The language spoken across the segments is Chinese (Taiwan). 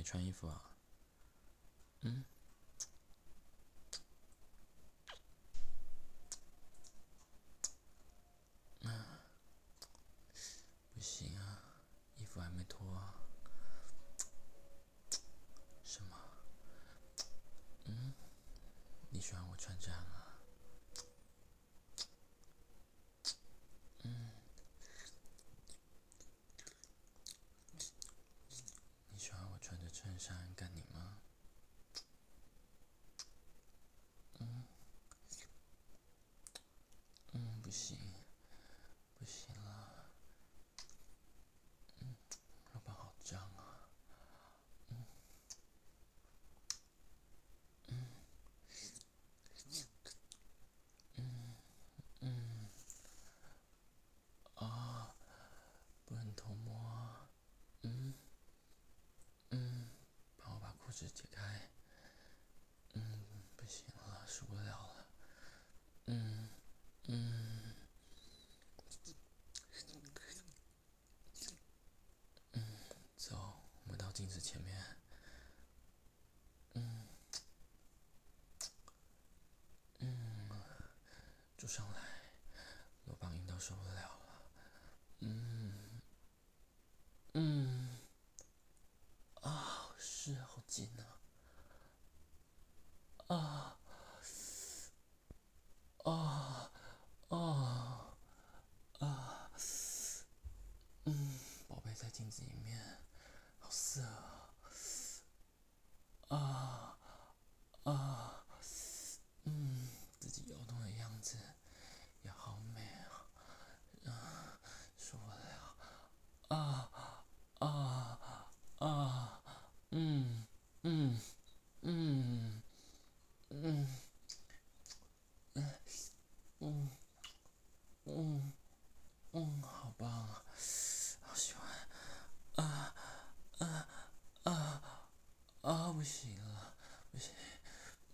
沒穿衣服啊？嗯啊。不行啊，衣服還沒脫啊。什麼？嗯？你喜歡我穿這樣嗎？想幹你嗎？嗯，嗯，不行，不行。解開，嗯，不行了，受不了了，嗯，嗯，嗯，走，我們到鏡子前面，嗯，嗯，坐上來。羅邦英都受不了了，嗯，嗯，啊，哦，是，好緊。在鏡子裡面，好色哦，啊！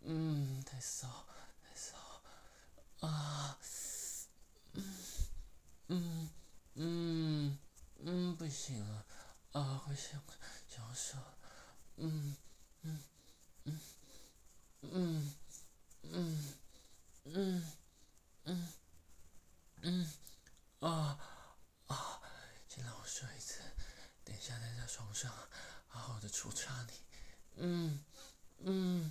嗯，太騷，太騷，啊，嗯，嗯，嗯，嗯，不行了，啊，我想，想說，嗯，嗯，嗯，嗯，嗯，嗯，嗯，嗯，嗯，啊，啊，先讓我睡一次，等一下再在床上好好的抽插你，嗯，嗯。